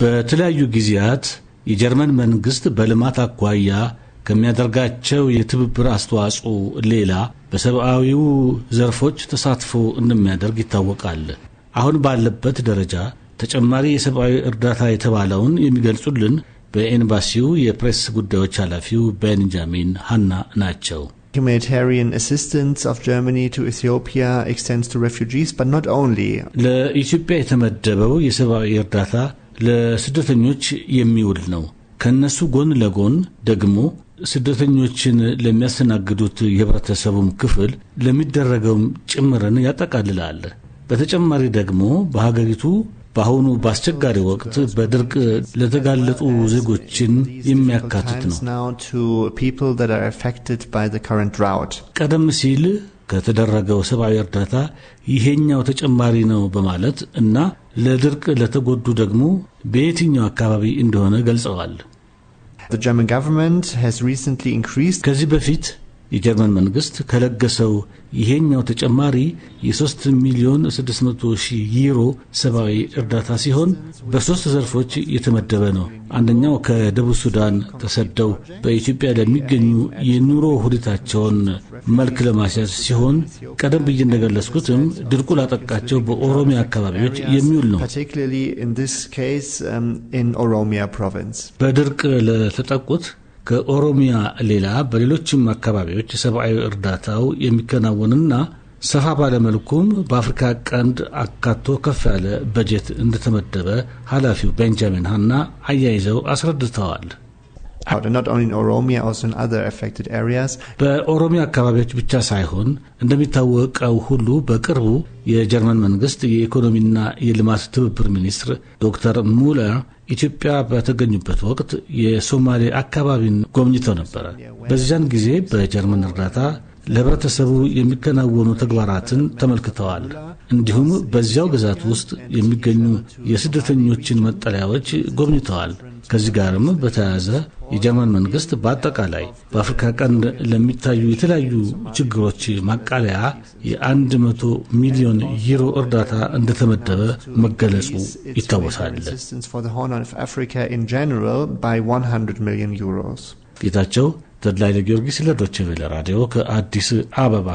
በተለያዩ ጊዜያት የጀርመን መንግስት በልማት አኳያ ከሚያደርጋቸው የትብብር አስተዋጽኦ ሌላ በሰብአዊው ዘርፎች ተሳትፎ እንደሚያደርግ ይታወቃል። አሁን ባለበት ደረጃ ተጨማሪ የሰብአዊ እርዳታ የተባለውን የሚገልጹልን በኤምባሲው የፕሬስ ጉዳዮች ኃላፊው ቤንጃሚን ሃና ናቸው። Humanitarian assistance of Germany to Ethiopia extends ለኢትዮጵያ የተመደበው የሰብአዊ እርዳታ ለስደተኞች የሚውል ነው። ከነሱ ጎን ለጎን ደግሞ ስደተኞችን ለሚያስተናግዱት የህብረተሰቡም ክፍል ለሚደረገውም ጭምርን ያጠቃልላል። በተጨማሪ ደግሞ በሀገሪቱ በአሁኑ በአስቸጋሪ ወቅት በድርቅ ለተጋለጡ ዜጎችን የሚያካትት ነው። ቀደም ሲል ከተደረገው ሰብአዊ እርዳታ ይሄኛው ተጨማሪ ነው በማለት እና ለድርቅ ለተጎዱ ደግሞ በየትኛው አካባቢ እንደሆነ ገልጸዋል። ከዚህ በፊት የጀርመን መንግስት ከለገሰው ይሄኛው ተጨማሪ የ3 ሚሊዮን 600 ሺህ ዩሮ ሰብአዊ እርዳታ ሲሆን በሦስት ዘርፎች የተመደበ ነው። አንደኛው ከደቡብ ሱዳን ተሰደው በኢትዮጵያ ለሚገኙ የኑሮ ሁኔታቸውን መልክ ለማስያዝ ሲሆን ቀደም ብዬ እንደገለጽኩትም ድርቁ ላጠቃቸው በኦሮሚያ አካባቢዎች የሚውል ነው። um, በድርቅ ለተጠቁት ከኦሮሚያ ሌላ በሌሎችም አካባቢዎች የሰብአዊ እርዳታው የሚከናወንና ሰፋ ባለመልኩም በአፍሪካ ቀንድ አካቶ ከፍ ያለ በጀት እንደተመደበ ኃላፊው ቤንጃሚን ሀና አያይዘው አስረድተዋል። በኦሮሚያ አካባቢዎች ብቻ ሳይሆን እንደሚታወቀው ሁሉ በቅርቡ የጀርመን መንግስት የኢኮኖሚና የልማት ትብብር ሚኒስትር ዶክተር ሙለር ኢትዮጵያ በተገኙበት ወቅት የሶማሌ አካባቢን ጎብኝተው ነበረ። በዚያን ጊዜ በጀርመን እርዳታ ለህብረተሰቡ የሚከናወኑ ተግባራትን ተመልክተዋል። እንዲሁም በዚያው ግዛት ውስጥ የሚገኙ የስደተኞችን መጠለያዎች ጎብኝተዋል። ከዚህ ጋርም በተያያዘ የጀርመን መንግስት በአጠቃላይ በአፍሪካ ቀንድ ለሚታዩ የተለያዩ ችግሮች ማቃለያ የአንድ መቶ ሚሊዮን ዩሮ እርዳታ እንደተመደበ መገለጹ ይታወሳል። ጌታቸው ተድላይ ለጊዮርጊስ ለዶቼ ቬለ ራዲዮ ከአዲስ አበባ